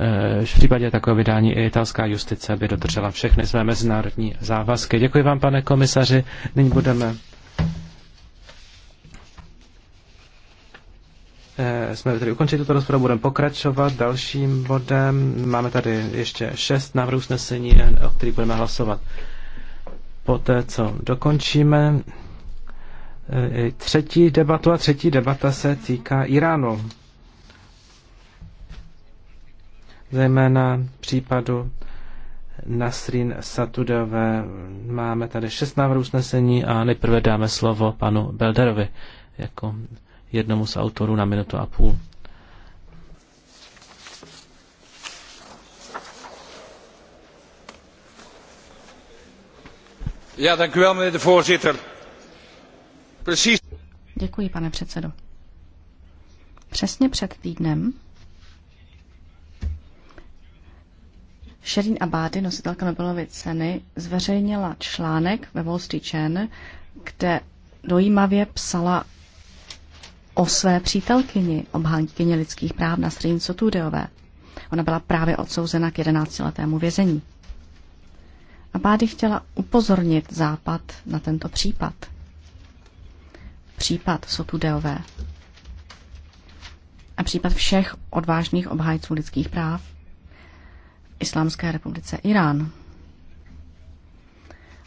Eh, v případě takového vydání i italská justice by dodržela všechny své mezinárodní závazky. Děkuji vám, pane komisaři. Nyní budeme eh, jsme tedy ukončili tuto rozpravu, budeme pokračovat dalším bodem. Máme tady ještě šest návrhů usnesení, eh, o kterých budeme hlasovat poté, co dokončíme třetí debatu a třetí debata se týká Iránu zejména případu Nasrin Satudové. Máme tady šest návrhů usnesení a nejprve dáme slovo panu Belderovi jako jednomu z autorů na minutu a půl. Ja, wel, de voorzitter. Precies. Děkuji, pane předsedo. Přesně před týdnem Sherin Abadi, nositelka Nobelovy ceny, zveřejnila článek ve Wall Street Journal, kde dojímavě psala o své přítelkyni, obhánkyně lidských práv na Srin Sotudeové. Ona byla právě odsouzena k 11-letému vězení. Abády chtěla upozornit Západ na tento případ. Případ Sotudeové. A případ všech odvážných obhájců lidských práv, Islámské republice Irán.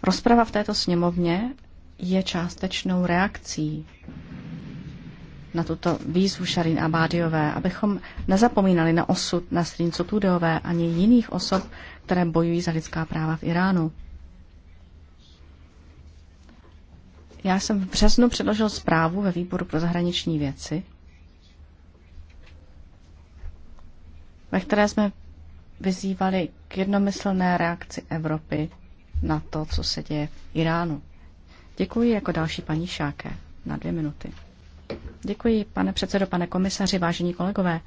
Rozprava v této sněmovně je částečnou reakcí na tuto výzvu Šarín Abádiové, abychom nezapomínali na osud na Srinco Tudeové ani jiných osob, které bojují za lidská práva v Iránu. Já jsem v březnu předložil zprávu ve výboru pro zahraniční věci, ve které jsme vyzývali k jednomyslné reakci Evropy na to, co se děje v Iránu. Děkuji jako další paní Šáke na dvě minuty. Děkuji, pane předsedo, pane komisaři, vážení kolegové.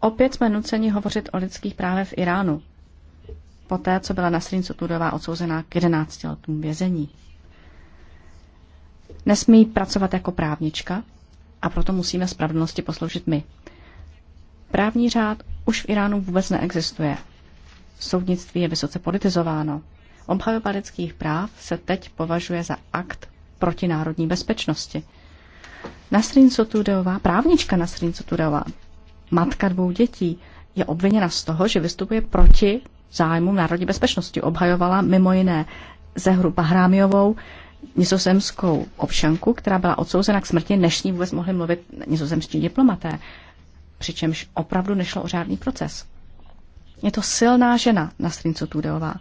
Opět jsme nuceni hovořit o lidských právech v Iránu, poté co byla Nasrin Sotudová odsouzená k 11 letům vězení. Nesmí pracovat jako právnička a proto musíme spravedlnosti posloužit my. Právní řád už v Iránu vůbec neexistuje. Soudnictví je vysoce politizováno. Obhajoba lidských práv se teď považuje za akt proti národní bezpečnosti. Nasrin Sotudeová, právnička Nasrin Sotudeová, matka dvou dětí, je obviněna z toho, že vystupuje proti zájmu národní bezpečnosti. Obhajovala mimo jiné Zehru Bahrámiovou, nizozemskou občanku, která byla odsouzena k smrti, než s ní vůbec mohli mluvit nizozemští diplomaté přičemž opravdu nešlo o žádný proces. Je to silná žena na strincu Tudeová.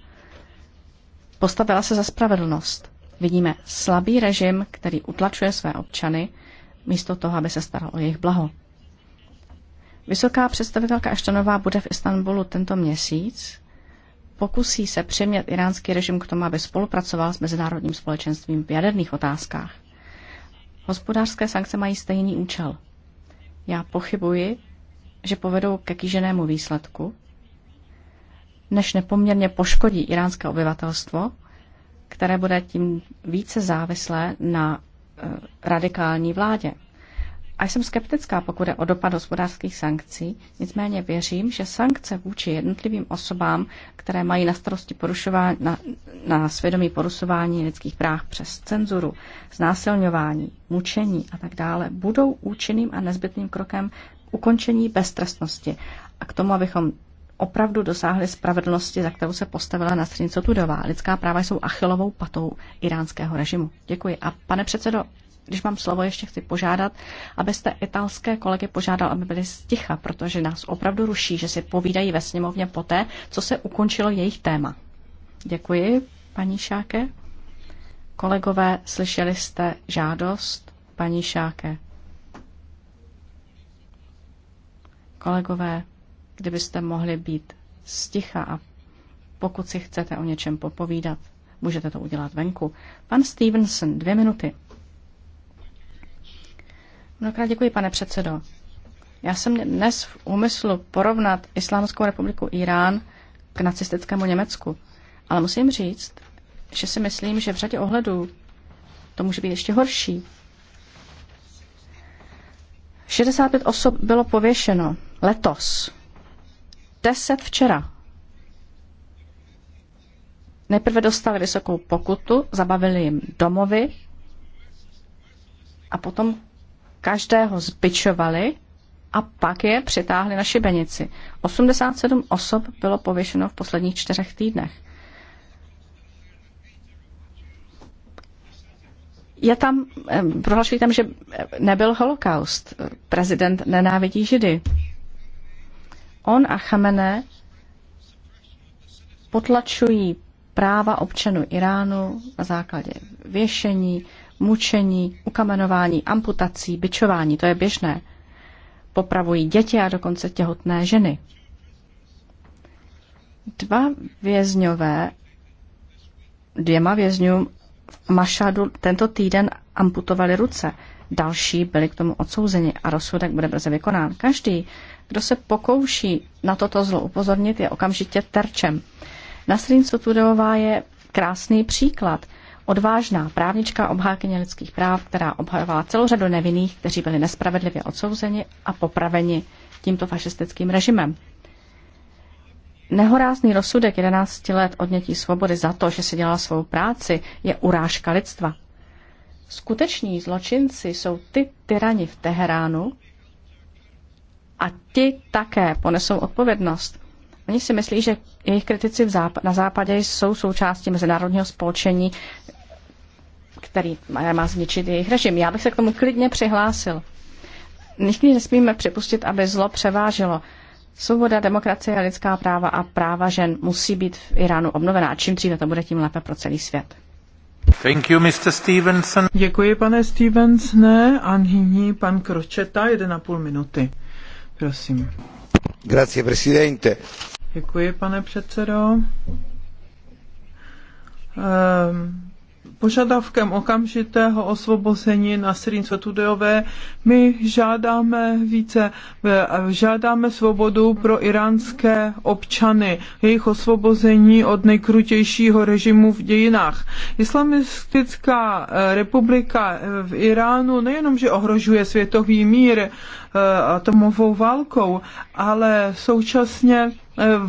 Postavila se za spravedlnost. Vidíme slabý režim, který utlačuje své občany, místo toho, aby se staral o jejich blaho. Vysoká představitelka Aštanová bude v Istanbulu tento měsíc. Pokusí se přimět iránský režim k tomu, aby spolupracoval s mezinárodním společenstvím v jaderných otázkách. Hospodářské sankce mají stejný účel. Já pochybuji, že povedou ke kýženému výsledku, než nepoměrně poškodí iránské obyvatelstvo, které bude tím více závislé na e, radikální vládě. A jsem skeptická, pokud je o dopad hospodářských sankcí, nicméně věřím, že sankce vůči jednotlivým osobám, které mají na starosti porušování, na, na svědomí porušování lidských práv přes cenzuru, znásilňování, mučení a tak dále, budou účinným a nezbytným krokem ukončení beztrestnosti a k tomu, abychom opravdu dosáhli spravedlnosti, za kterou se postavila na střenicu Tudová. Lidská práva jsou achilovou patou iránského režimu. Děkuji. A pane předsedo, když mám slovo, ještě chci požádat, abyste italské kolegy požádal, aby byli sticha, protože nás opravdu ruší, že si povídají ve sněmovně poté, co se ukončilo jejich téma. Děkuji, paní Šáke. Kolegové, slyšeli jste žádost paní Šáke. Kolegové, kdybyste mohli být sticha a pokud si chcete o něčem popovídat, můžete to udělat venku. Pan Stevenson, dvě minuty. Mnohokrát děkuji, pane předsedo. Já jsem dnes v úmyslu porovnat Islámskou republiku Irán k nacistickému Německu. Ale musím říct, že si myslím, že v řadě ohledů to může být ještě horší, 65 osob bylo pověšeno letos. 10 včera. Nejprve dostali vysokou pokutu, zabavili jim domovy a potom každého zbičovali a pak je přitáhli na šibenici. 87 osob bylo pověšeno v posledních čtyřech týdnech. Je tam, prohlašují tam, že nebyl holokaust. Prezident nenávidí židy. On a Chamene potlačují práva občanů Iránu na základě věšení, mučení, ukamenování, amputací, byčování, to je běžné. Popravují děti a dokonce těhotné ženy. Dva vězňové, dvěma vězňům Mašadu tento týden amputovali ruce. Další byli k tomu odsouzeni a rozsudek bude brzy vykonán. Každý, kdo se pokouší na toto zlo upozornit, je okamžitě terčem. Nasrin Sotudová je krásný příklad. Odvážná právnička obhákyně lidských práv, která obhajovala celou řadu nevinných, kteří byli nespravedlivě odsouzeni a popraveni tímto fašistickým režimem. Nehorázný rozsudek 11 let odnětí svobody za to, že si dělala svou práci, je urážka lidstva. Skuteční zločinci jsou ty tyrani v Teheránu a ti také ponesou odpovědnost. Oni si myslí, že jejich kritici záp- na západě jsou součástí mezinárodního spolčení, který má zničit jejich režim. Já bych se k tomu klidně přihlásil. Nikdy nesmíme připustit, aby zlo převážilo. Svoboda, demokracie, lidská práva a práva žen musí být v Iránu obnovená. A čím dříve to bude, tím lépe pro celý svět. Thank you, Mr. Stevenson. Děkuji, pane Stevensone. A nyní pan Kročeta, půl minuty. Prosím. Grazie, presidente. Děkuji, pane předsedo. Um, požadavkem okamžitého osvobození Nasrin Svetudejové. my žádáme více, eh, žádáme svobodu pro iránské občany, jejich osvobození od nejkrutějšího režimu v dějinách. Islamistická eh, republika eh, v Iránu nejenom, že ohrožuje světový mír atomovou válkou, ale současně Eh, eh,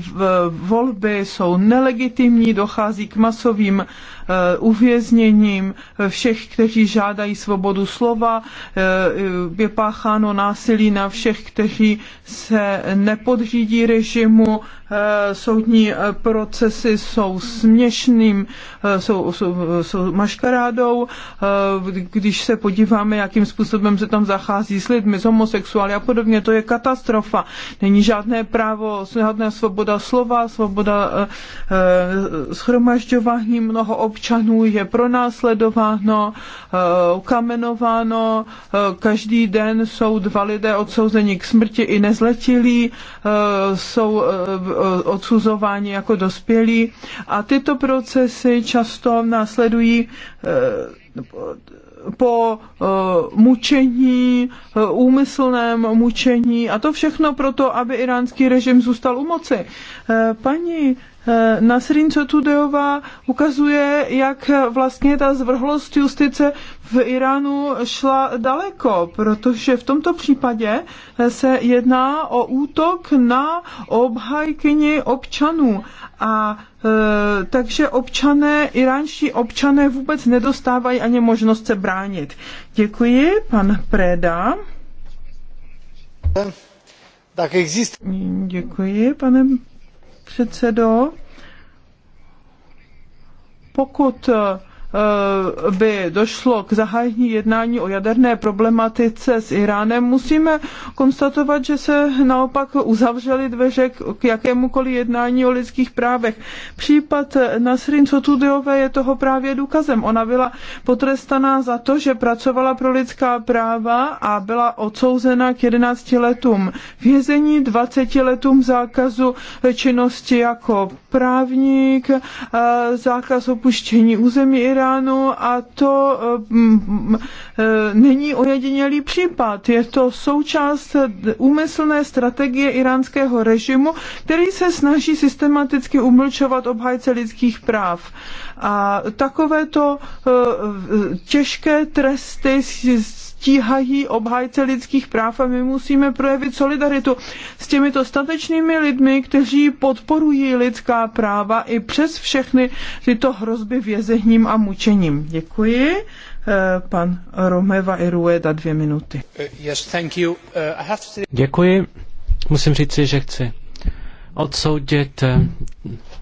volby jsou nelegitimní, dochází k masovým eh, uvězněním všech, kteří žádají svobodu slova, je pácháno násilí na všech, kteří se nepodřídí režimu, soudní procesy jsou směšným, jsou, jsou, jsou maškarádou, když se podíváme, jakým způsobem se tam zachází s lidmi, s homosexuály a podobně, to je katastrofa. Není žádné právo, žádné svoboda slova, svoboda eh, eh, schromažďování. Mnoho občanů je pronásledováno, eh, ukamenováno. Každý den jsou dva lidé odsouzeni k smrti i nezletilí, jsou odsuzováni jako dospělí. A tyto procesy často následují po eh, mučení, eh, úmyslném mučení a to všechno proto, aby iránský režim zůstal u moci. Eh, paní Eh, Nasrin Cotudeová ukazuje, jak vlastně ta zvrhlost justice v Iránu šla daleko, protože v tomto případě eh, se jedná o útok na obhajkyni občanů. A e, takže občané, iránští občané vůbec nedostávají ani možnost se bránit. Děkuji, pan Preda. Děkuji, pane předsedo. Pokud Eh, by došlo k zahájení jednání o jaderné problematice s Iránem, musíme konstatovat, že se naopak uzavřely dveře k jakémukoliv jednání o lidských právech. Případ Nasrin Sotudiové je toho právě důkazem. Ona byla potrestaná za to, že pracovala pro lidská práva a byla odsouzena k 11 letům vězení, 20 letům zákazu činnosti jako právník, eh, zákaz opuštění území Iránu, Iránu a to eh, eh, není ojedinělý případ. Je to součást úmyslné strategie iránského režimu, který se snaží systematicky umlčovat obhajce lidských práv. A takovéto eh, těžké tresty stíhají obhájce lidských práv a my musíme projevit solidaritu s těmito statečnými lidmi, kteří podporují lidská práva i přes všechny tyto hrozby vězením a mučením. Děkuji. Eh, pan Romeva Irueda dvě minuty. Eh, yes, thank you. Eh, I have to... Děkuji. Musím si, že chci odsoudit,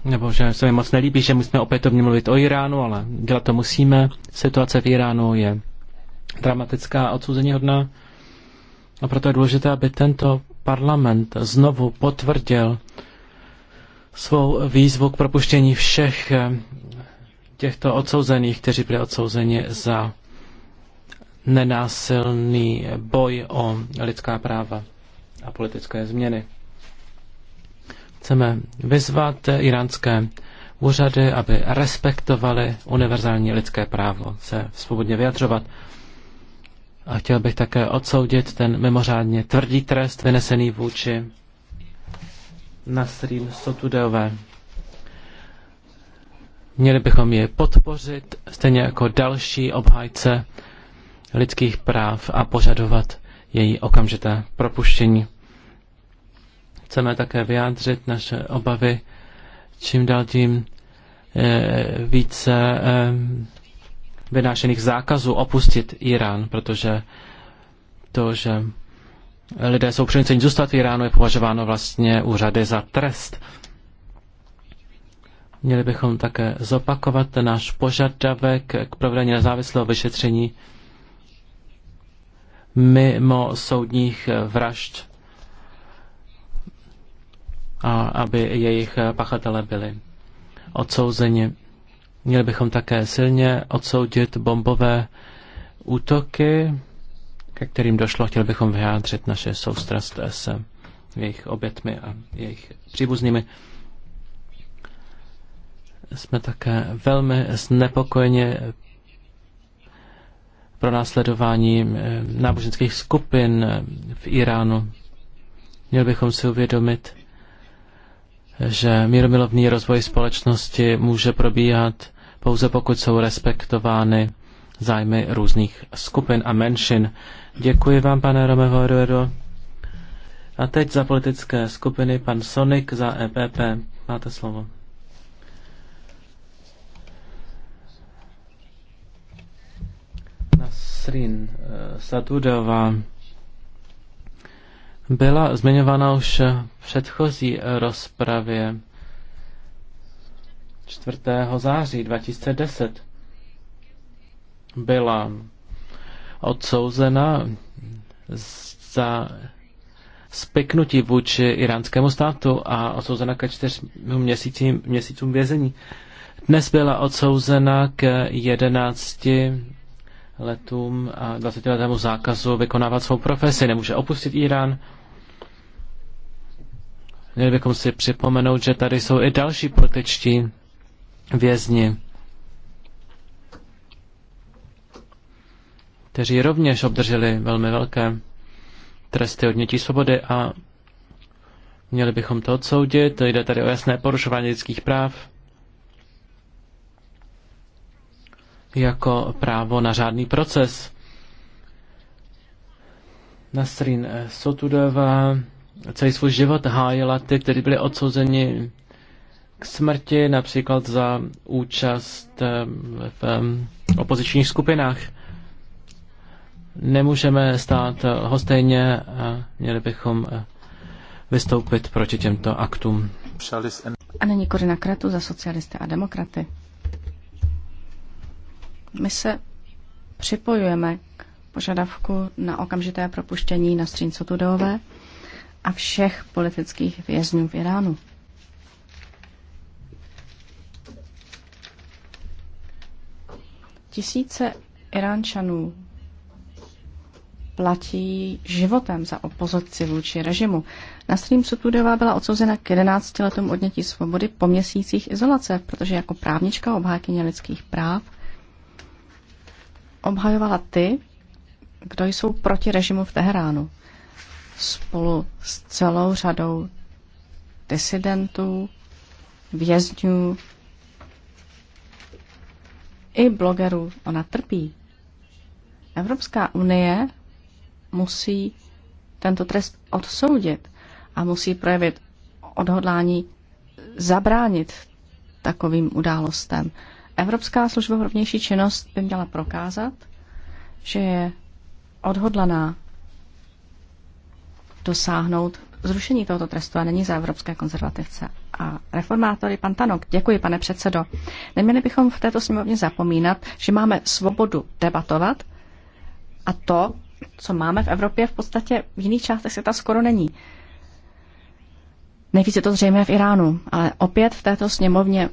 nebo že se mi moc nelíbí, že musíme opětovně mluvit o Iránu, ale dělat to musíme. Situace v Iránu je dramatická a odsouzení hodná. A proto je důležité, aby tento parlament znovu potvrdil svou výzvu k propuštění všech eh, těchto odsouzených, kteří byli odsouzeni za nenásilný boj o lidská práva a politické změny. Chceme vyzvat iránské úřady, aby respektovali univerzální lidské právo se svobodně vyjadřovat. A chtěl bych také odsoudit ten mimořádně tvrdý trest vynesený vůči Nasrín Sotudeové. Měli bychom je podpořit, stejně jako další obhájce lidských práv a požadovat její okamžité propuštění. Chceme také vyjádřit naše obavy čím dál tím eh, více eh, vynášených zákazů opustit Irán, protože to, že lidé jsou přinuceni zůstat v Iránu, je považováno vlastně úřady za trest. Měli bychom také zopakovat náš požadavek k provedení nezávislého vyšetření mimo soudních vražd a aby jejich pachatelé byli odsouzeni. Měli bychom také silně odsoudit bombové útoky, ke kterým došlo. Chtěli bychom vyjádřit naše soustrast s jejich obětmi a jejich příbuznými. Jsme také velmi znepokojeni pro následování eh, náboženských skupin v Iránu. Měli bychom si uvědomit, že míromilovný rozvoj společnosti může probíhat pouze pokud jsou respektovány zájmy různých skupin a menšin. Děkuji vám, pane Romeho Eduardo. A teď za politické skupiny pan Sonik za EPP. Máte slovo. Nasrin eh, Satudová byla zmiňována už v předchozí rozpravě 4. září 2010. Byla odsouzena za spiknutí vůči iránskému státu a odsouzena ke čtyřm měsícím, měsícům vězení. Dnes byla odsouzena k 11 letům a 20 letému zákazu vykonávat svou profesi. Nemůže opustit Irán Měli bychom si připomenout, že tady jsou i další političtí vězni, kteří rovněž obdrželi velmi velké tresty odnětí svobody a měli bychom to odsoudit. Jde tady o jasné porušování lidských práv jako právo na řádný proces. Nasrin Sotudová celý svůj život hájila ty, kteří byli odsouzeni k smrti, například za účast eh, v opozičních skupinách. Nemůžeme stát eh, hostejně a měli bychom eh, vystoupit proti těmto aktům. A není Korina Kratu za socialisty a demokraty. My se připojujeme k požadavku na okamžité propuštění na Střínco Tudové a všech politických vězňů v Iránu. Tisíce Iránčanů platí životem za opozici vůči režimu. stream Sotudová byla odsouzena k 11 letům odnětí svobody po měsících izolace, protože jako právnička obhájkyně lidských práv obhajovala ty, kdo jsou proti režimu v Teheránu spolu s celou řadou disidentů, vězňů i blogerů. Ona trpí. Evropská unie musí tento trest odsoudit a musí projevit odhodlání zabránit takovým událostem. Evropská služba pro vnější činnost by měla prokázat, že je odhodlaná dosáhnout zrušení tohoto trestu a není za evropské konzervativce a reformátory. Pan Tanok, děkuji, pane předsedo. Neměli bychom v této sněmovně zapomínat, že máme svobodu debatovat a to, co máme v Evropě, v podstatě v jiných částech světa skoro není. Nejvíc je to zřejmé v Iránu, ale opět v této sněmovně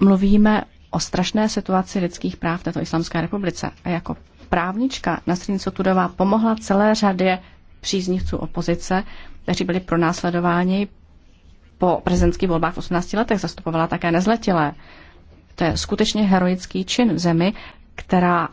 mluvíme o strašné situaci lidských práv v této islamské republice. A jako právnička Nasrin Sotudová pomohla celé řadě příznivců opozice, kteří byli pronásledováni po prezidentských volbách v 18 letech, zastupovala také nezletilé. To je skutečně heroický čin v zemi, která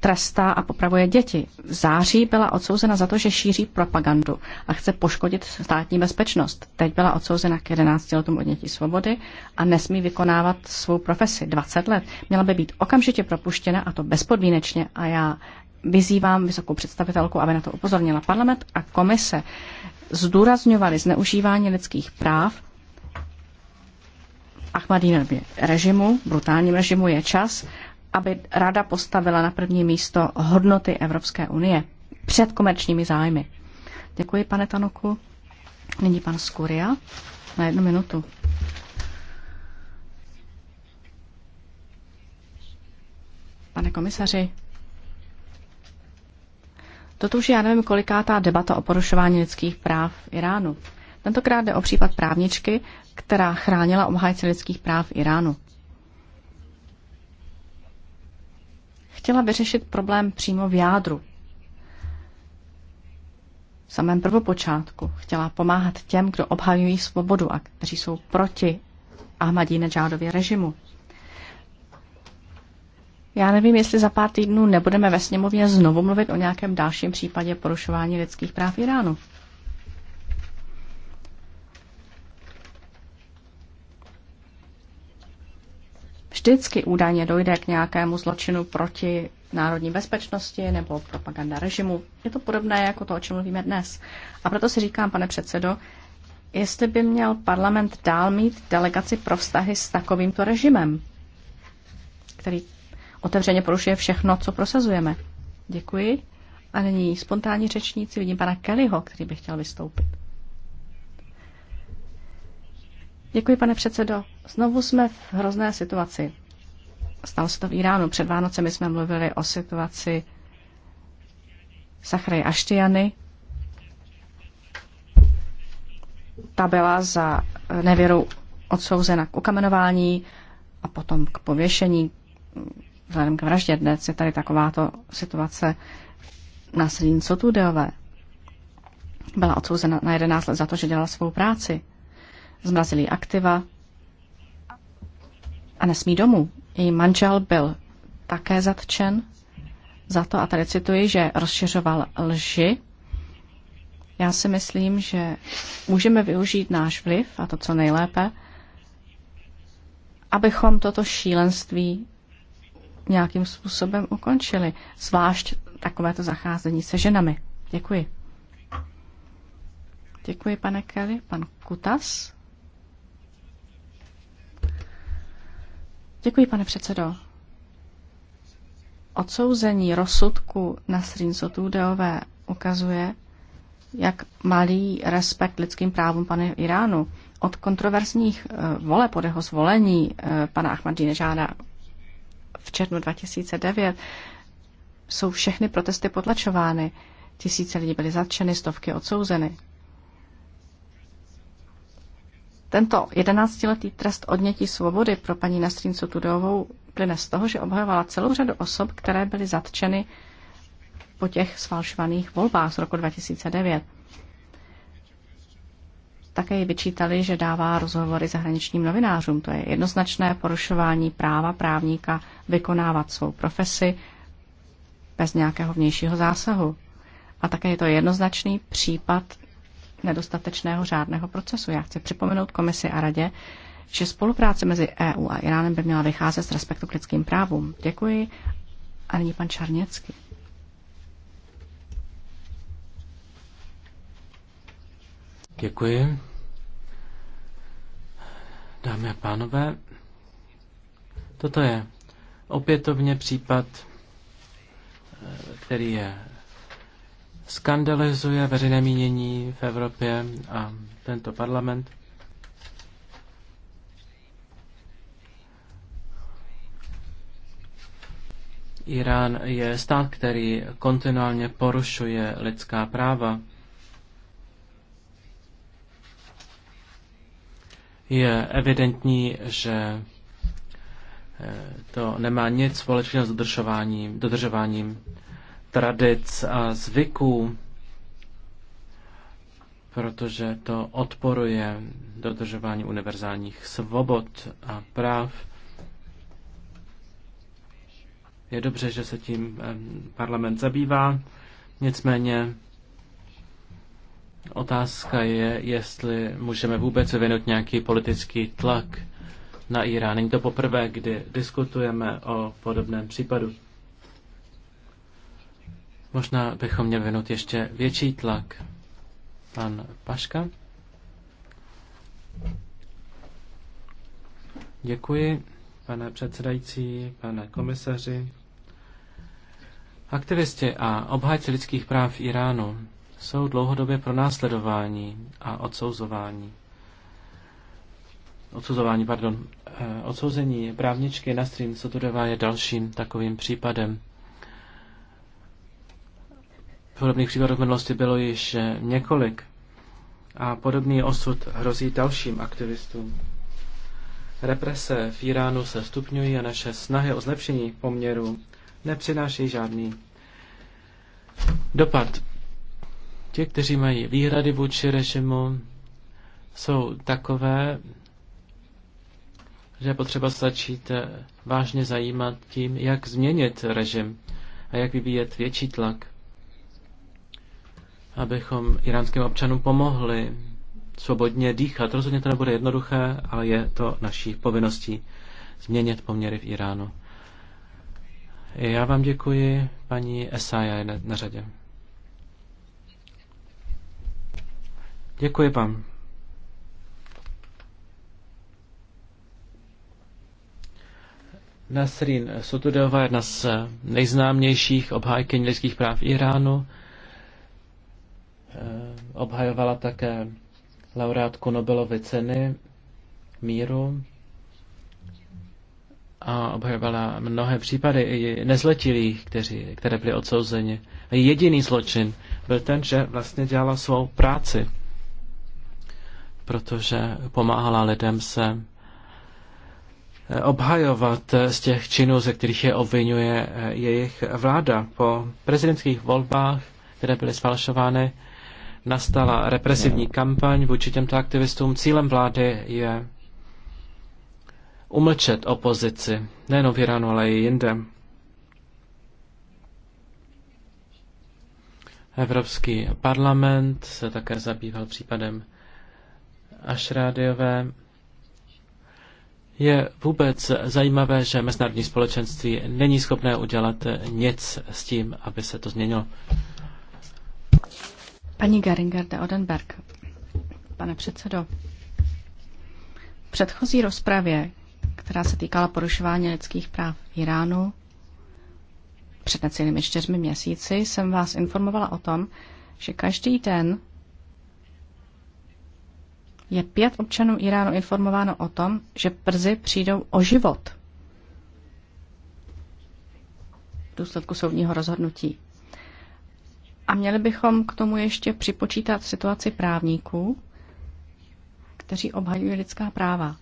trestá a popravuje děti. V září byla odsouzena za to, že šíří propagandu a chce poškodit státní bezpečnost. Teď byla odsouzena k 11 letům odnětí svobody a nesmí vykonávat svou profesi 20 let. Měla by být okamžitě propuštěna a to bezpodmínečně a já vyzývám vysokou představitelku, aby na to upozornila. Parlament a komise zdůrazňovali zneužívání lidských práv v Ahmadinově režimu, brutálním režimu je čas, aby rada postavila na první místo hodnoty Evropské unie před komerčními zájmy. Děkuji, pane Tanoku. Nyní pan Skuria na jednu minutu. Pane komisaři, Toto už já nevím, koliká ta debata o porušování lidských práv v Iránu. Tentokrát jde o případ právničky, která chránila obhájce lidských práv v Iránu. Chtěla vyřešit problém přímo v jádru, v samém prvopočátku chtěla pomáhat těm, kdo obhajují svobodu a kteří jsou proti Ahmadinejadově režimu. Já nevím, jestli za pár týdnů nebudeme ve sněmovně znovu mluvit o nějakém dalším případě porušování lidských práv Iránu. Vždycky údajně dojde k nějakému zločinu proti národní bezpečnosti nebo propaganda režimu. Je to podobné jako to, o čem mluvíme dnes. A proto si říkám, pane předsedo, jestli by měl parlament dál mít delegaci pro vztahy s takovýmto režimem, který otevřeně porušuje všechno, co prosazujeme. Děkuji. A nyní spontánní řečníci. Vidím pana Kellyho, který by chtěl vystoupit. Děkuji, pane předsedo. Znovu jsme v hrozné situaci. Stalo se to v Iránu. Před Vánocemi jsme mluvili o situaci Sachry Aštiany. Ta byla za nevěru odsouzena k ukamenování a potom k pověšení vzhledem k vraždě dnes je tady takováto situace na Srín Sotudeové. Byla odsouzena na 11 let za to, že dělala svou práci. Zmrazili aktiva a nesmí domů. Její manžel byl také zatčen za to, a tady cituji, že rozšiřoval lži. Já si myslím, že můžeme využít náš vliv, a to co nejlépe, abychom toto šílenství nějakým způsobem ukončili. Zvlášť takovéto zacházení se ženami. Děkuji. Děkuji, pane Kelly. Pan Kutas. Děkuji, pane předsedo. Odsouzení rozsudku na Srinsotu Deové ukazuje, jak malý respekt lidským právům pane Iránu. Od kontroverzních eh, voleb, pod jeho zvolení eh, pana Ahmadíne v červnu 2009, jsou všechny protesty potlačovány. Tisíce lidí byly zatčeny, stovky odsouzeny. Tento jedenáctiletý trest odnětí svobody pro paní Nastříncu Tudovou plyne z toho, že obhajovala celou řadu osob, které byly zatčeny po těch sfalšovaných volbách z roku 2009. Také vyčítali, že dává rozhovory zahraničním novinářům. To je jednoznačné porušování práva právníka vykonávat svou profesi bez nějakého vnějšího zásahu. A také je to jednoznačný případ nedostatečného řádného procesu. Já chci připomenout komisi a radě, že spolupráce mezi EU a Iránem by měla vycházet z respektu k lidským právům. Děkuji. A nyní pan Čarněcký. Děkuji. Dámy a pánové, toto je opětovně případ, eh, který je skandalizuje veřejné mínění v Evropě a tento parlament. Irán je stát, který kontinuálně porušuje lidská práva. Je evidentní, že eh, to nemá nic společného s dodržováním, dodržováním tradic a zvyků, protože to odporuje dodržování univerzálních svobod a práv. Je dobře, že se tím eh, parlament zabývá, nicméně Otázka je, jestli můžeme vůbec vyvinout nějaký politický tlak na Irán. Není to poprvé, kdy diskutujeme o podobném případu. Možná bychom měli vyvinout ještě větší tlak. Pan Paška. Děkuji, pane předsedající, pane komisaři. Aktivisti a obhájci lidských práv v Iránu jsou dlouhodobě pronásledování a odsouzování. Odsouzování, pardon. Eh, odsouzení právničky stream Sotudová je dalším takovým případem. Podobných případů v minulosti bylo již eh, několik a podobný osud hrozí dalším aktivistům. Represe v Iránu se stupňují a naše snahy o zlepšení poměru nepřináší žádný dopad. Ti, kteří mají výhrady vůči režimu, jsou takové, že je potřeba začít vážně zajímat tím, jak změnit režim a jak vyvíjet větší tlak, abychom iránským občanům pomohli svobodně dýchat. Rozhodně to nebude jednoduché, ale je to naší povinností změnit poměry v Iránu. Já vám děkuji, paní Esaja je na řadě. Děkuji vám. Nasrin Sotudeová je jedna z nejznámějších obhájkyň lidských práv Iránu. Eh, obhajovala také laureátku Nobelovy ceny míru a obhajovala mnohé případy i nezletilých, kteří, které byly odsouzeni. Jediný zločin byl ten, že vlastně dělala svou práci protože pomáhala lidem se eh, obhajovat eh, z těch činů, ze kterých je obvinuje eh, jejich vláda. Po prezidentských volbách, které byly sfalšovány, nastala represivní kampaň vůči těmto aktivistům. Cílem vlády je umlčet opozici, nejen v Iránu, ale i jinde. Evropský parlament se také zabýval případem až rádiové. Je vůbec zajímavé, že mezinárodní společenství není schopné udělat nic s tím, aby se to změnilo. Paní Geringarda Odenberg, pane předsedo, v předchozí rozpravě, která se týkala porušování lidských práv v Iránu, před necelými čtyřmi měsíci jsem vás informovala o tom, že každý den je pět občanů Iránu informováno o tom, že brzy přijdou o život v důsledku soudního rozhodnutí. A měli bychom k tomu ještě připočítat situaci právníků, kteří obhajují lidská práva.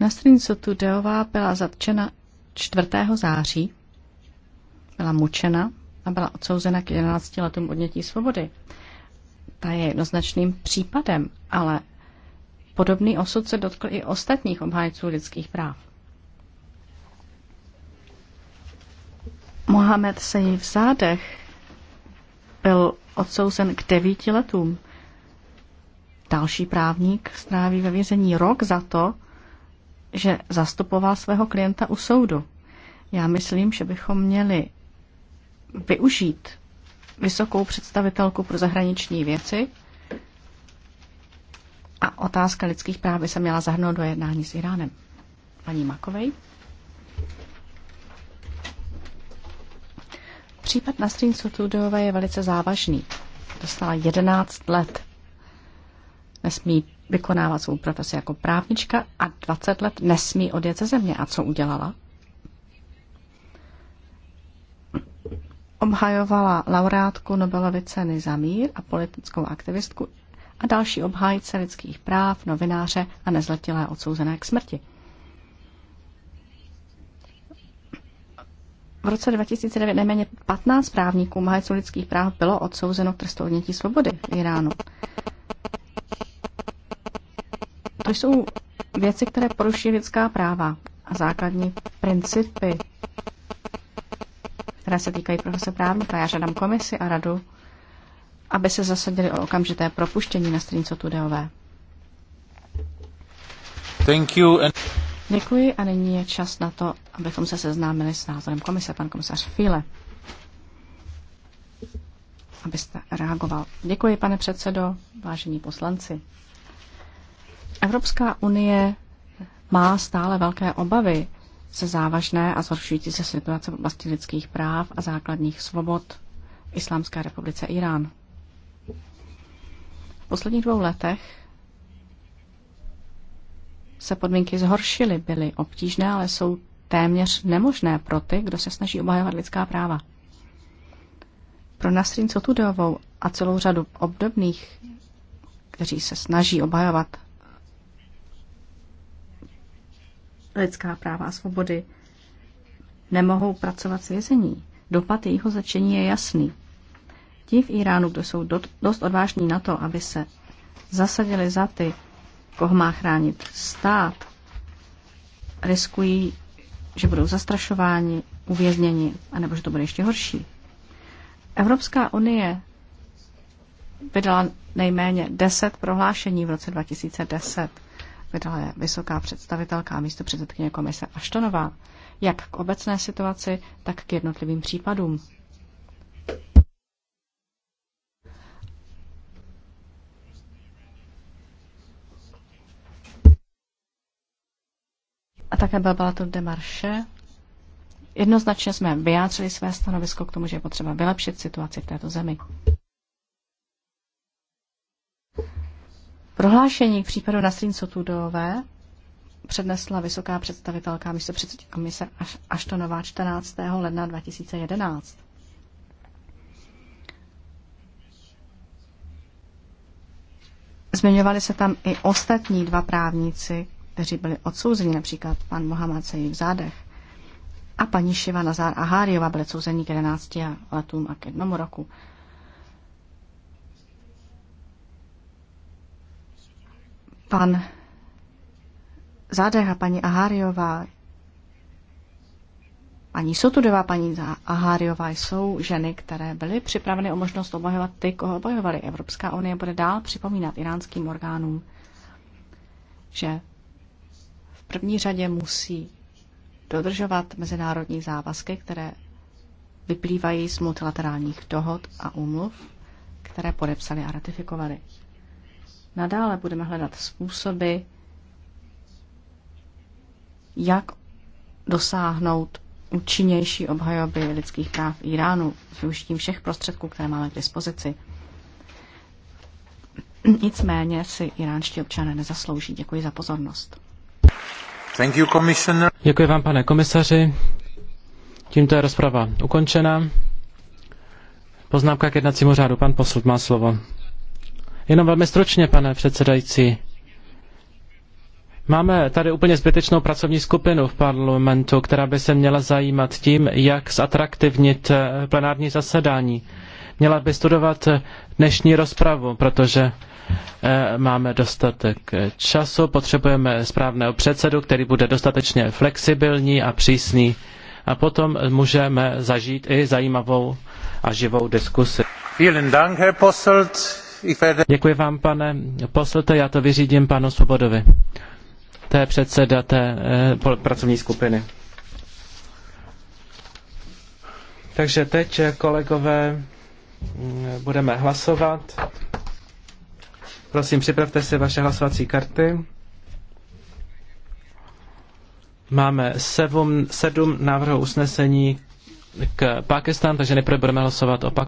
Nasrin deová byla zatčena 4. září, byla mučena a byla odsouzena k 11 letům odnětí svobody ta je jednoznačným případem, ale podobný osud se dotkl i ostatních obhájců lidských práv. Mohamed Sejí v zádech byl odsouzen k devíti letům. Další právník stráví ve vězení rok za to, že zastupoval svého klienta u soudu. Já myslím, že bychom měli využít vysokou představitelku pro zahraniční věci a otázka lidských práv by se měla zahrnout do jednání s Iránem. Paní Makovej. Případ na Nasrin Sotudové je velice závažný. Dostala 11 let. Nesmí vykonávat svou profesi jako právnička a 20 let nesmí odjet ze země. A co udělala? obhajovala laureátku Nobelovy ceny za mír a politickou aktivistku a další obhájce lidských práv, novináře a nezletilé odsouzené k smrti. V roce 2009 nejméně 15 právníků obhájců lidských práv bylo odsouzeno k trestu odnětí svobody v Iránu. To jsou věci, které poruší lidská práva a základní principy které se týkají profese právníka. Já žádám komisi a radu, aby se zasadili o okamžité propuštění na stranicu Tudeové. Thank you and... Děkuji a nyní je čas na to, abychom se seznámili s názorem komise. Pan komisař Fíle, abyste reagoval. Děkuji, pane předsedo, vážení poslanci. Evropská unie má stále velké obavy se závažné a zhoršující se situace v oblasti lidských práv a základních svobod v Islámské republice Irán. V posledních dvou letech se podmínky zhoršily, byly obtížné, ale jsou téměř nemožné pro ty, kdo se snaží obhajovat lidská práva. Pro Nasrin Sotudovou a celou řadu obdobných, kteří se snaží obhajovat lidská práva a svobody, nemohou pracovat s vězení. Dopad jejího začení je jasný. Ti v Iránu, kdo jsou dost odvážní na to, aby se zasadili za ty, koho má chránit stát, riskují, že budou zastrašováni, uvězněni, anebo že to bude ještě horší. Evropská unie vydala nejméně 10 prohlášení v roce 2010 vydala je vysoká představitelka a místo předsedkyně komise Aštonová, jak k obecné situaci, tak k jednotlivým případům. A také byla, byla to demarše. Jednoznačně jsme vyjádřili své stanovisko k tomu, že je potřeba vylepšit situaci v této zemi. Prohlášení k případu na Sotudové přednesla vysoká představitelka místo komise až nová 14. ledna 2011. Zmiňovali se tam i ostatní dva právníci, kteří byli odsouzeni, například pan Mohamed Sejí v zádech a paní Šiva Nazar Aháriova byli odsouzeni k 11 letům a k jednomu roku. Pan Zádech a paní Aháriová, paní Sotudová, paní Aháriová jsou ženy, které byly připraveny o možnost obhajovat ty, koho obhajovali. Evropská unie bude dál připomínat iránským orgánům, že v první řadě musí dodržovat mezinárodní závazky, které vyplývají z multilaterálních dohod a úmluv, které podepsali a ratifikovali. Nadále budeme hledat způsoby, jak dosáhnout účinnější obhajoby lidských práv v Iránu s využitím všech prostředků, které máme k dispozici. Nicméně si iránští občané nezaslouží. Děkuji za pozornost. Thank you, Děkuji vám, pane komisaři. Tímto je rozprava ukončena. Poznámka k jednacímu řádu. Pan posud má slovo. Jenom velmi stručně, pane předsedající. Máme tady úplně zbytečnou pracovní skupinu v parlamentu, která by se měla zajímat tím, jak zatraktivnit eh, plenární zasedání. Měla by studovat dnešní rozpravu, protože eh, máme dostatek času, potřebujeme správného předsedu, který bude dostatečně flexibilní a přísný a potom můžeme zažít i zajímavou a živou diskusi. Vielen Dank, Herr Posselt. Děkuji vám, pane poslete, já to vyřídím panu Svobodovi. To je předseda té eh, pracovní skupiny. Takže teď, eh, kolegové, mm, budeme hlasovat. Prosím, připravte si vaše hlasovací karty. Máme sedm, sedm návrhů usnesení k Pakistánu, takže nejprve budeme hlasovat o